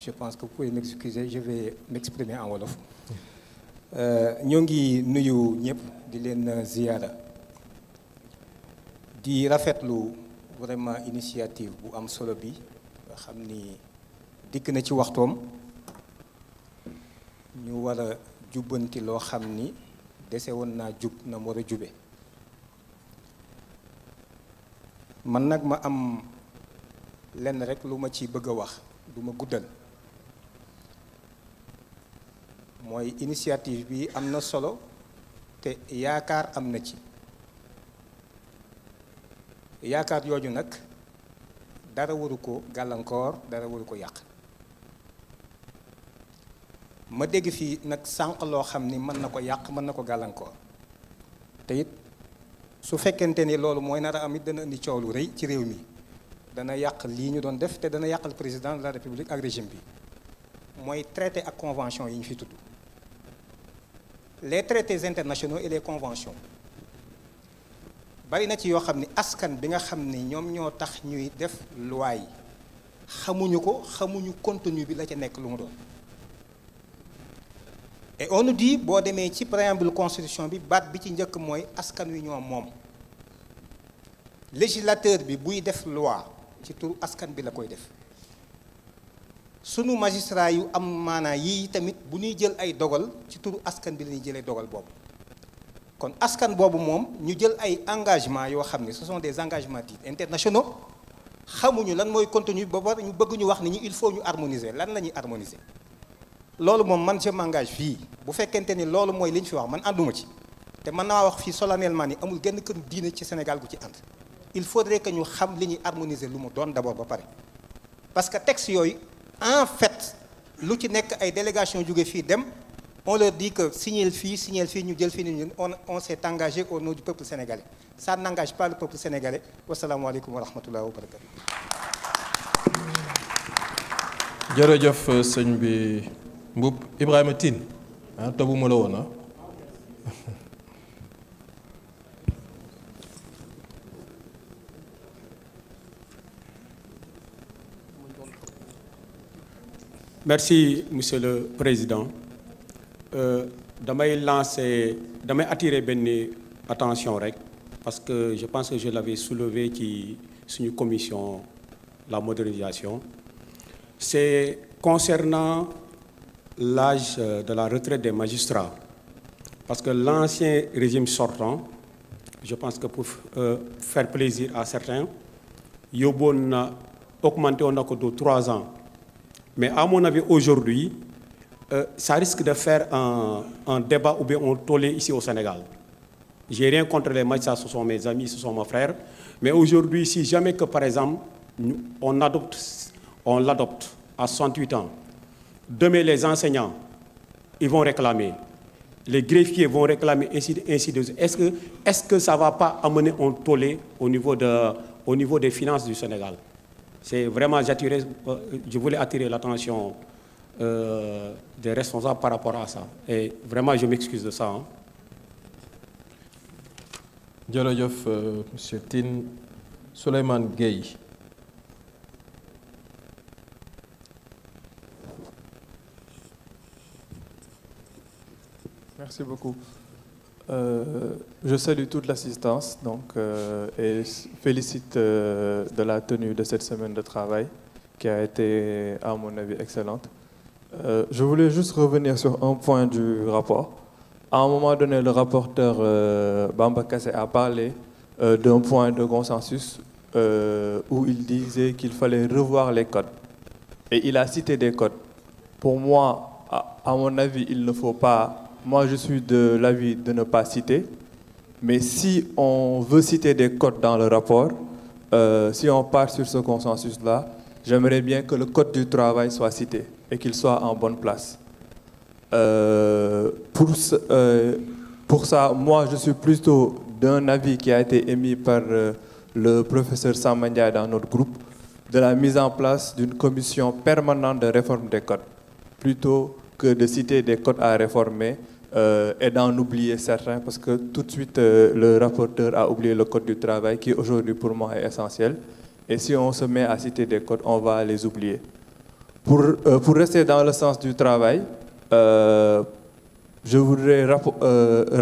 je pense que vous pouvez m'excuser je vais m'exprimer en wolof euh, ñoo ngi nuyu ñëpp di leen ziyaara di rafetlu vraiment initiative bu am solo bi nga xam ni dikk na ci waxtoom ñu war a jubbanti loo xam ni dese woon naa jub na mu war a jube man nag ma am lenn rek lu ma ci bëgg a wax duma ma guddal mooy initiative bi am na solo te yaakaar am na ci yaakaar yooju nag dara waru ko gàllankoor dara waru ko yàq ma dégg fii nag sànq loo xam ni mën na ko yàq mën na ko gàllankoor te it su fekkente ni loolu mooy nar a am it dana indi coow lu rëy ci réew mi dana yàq lii ñu doon def te dana yàqal président de la république ak bi mooy traité ak convention yi ñu fi tudd les traités internationaux et les conventions bari na ci yoo xam ni askan bi nga xam ni ñoom ñoo tax ñuy def loi yi xamuñu ko xamuñu contenu bi la ca nekk lu mu doon et on nous di boo demee ci préambule constitution bi baat bi ci njëkk mooy askan wi ñoom moom législateur bi buy def loi ci turu askan bi la koy def sunu magistrat yu am maanaa yii tamit bu ñuy jël ay dogal ci turu askan bi la ñuy jëlee dogal boobu kon askan boobu moom ñu jël ay engagement yoo xam ne ce des engagements dits internationaux xamuñu lan mooy contenu ba war ñu bëgg ñu wax ni ñu il faut ñu harmoniser lan la ñuy harmoniser loolu moom man je m'engage fii bu fekkente ni loolu mooy li ñu fi wax man ànduma ci te mën naa wax fii solennellement ni amul genn këru diine ci Sénégal gu ci ànd il faudrait que ñu xam li ñuy harmoniser lu mu doon d'abord ba pare parce que texte yooyu en fait lu ci nekk ay délégation jóge fii dem on leur dit que signel fii signel fii ñu jël fii ni ñun on on s'est engagé au nom du peuple sénégalais ça n'engage pas le peuple sénégalais wasalaamualeykum wa rahmatullah wa barakatu jërëjëf sëñ bi Mboup Ibrahima Tine ah tobu la woon ah. merci monsieur le président euh, damay lancer damay attirer benn attention rek parce que je pense que je l'avais soulevé ci suñu commission la modernisation c'est concernant l'âge de la retraite des magistrats parce que l'ancien régime sortant je pense que pour euh, faire plaisir à certains yóbboon na augmenté woon na ko de trois ans Mais à mon avis, aujourd'hui, euh, ça risque de faire un, un débat ou bien on Sénégal. J'ai rien contre les matchs, ça, ce sont mes amis, ce sont si jamais que, par exemple, on adopte, on l'adopte à 68 ans, demain les enseignants, ils vont réclamer. Les greffiers vont réclamer, ainsi, ainsi de suite. Est-ce que, est -ce que ça ne va pas amener un niveau, de, au niveau des finances du Sénégal C'est vraiment, euh, je voulais attirer l'attention euh, des responsables par rapport à ça. Et vraiment, je m'excuse de ça. Hein. jërëjëf euh, monsieur Tine Souleymane Gueye merci beaucoup Euh, je salue toute l'assistance donc, euh, et félicite euh, de la tenue de cette semaine de travail qui a été, à mon avis, excellente. Euh, je voulais juste revenir sur un point du rapport. À un moment donné, le rapporteur euh, Bamba Kassé a parlé d'un point de consensus où il disait qu'il fallait revoir les codes. Et il a cité des codes. Pour moi, à, à mon avis, il ne faut pas Moi, je suis de l'avis de ne pas citer. Mais si on veut citer des codes dans le rapport, euh, si on part sur ce consensus-là, j'aimerais bien que le code du travail soit cité et qu'il soit en bonne place. Euh, pour, ce, euh, pour, ça, moi, je suis plutôt d'un avis qui a été émis par euh, le professeur Samandia dans notre groupe, de la mise en place d'une commission permanente de réforme des codes, plutôt que de citer des codes à réformer euh, et d'en oublier certains, parce que tout de suite, euh, le rapporteur a oublié le code du travail, qui aujourd'hui pour moi est essentiel. Et si on se met à citer des codes, on va les oublier. Pour, euh, pour rester dans le sens du travail, euh, je voudrais euh,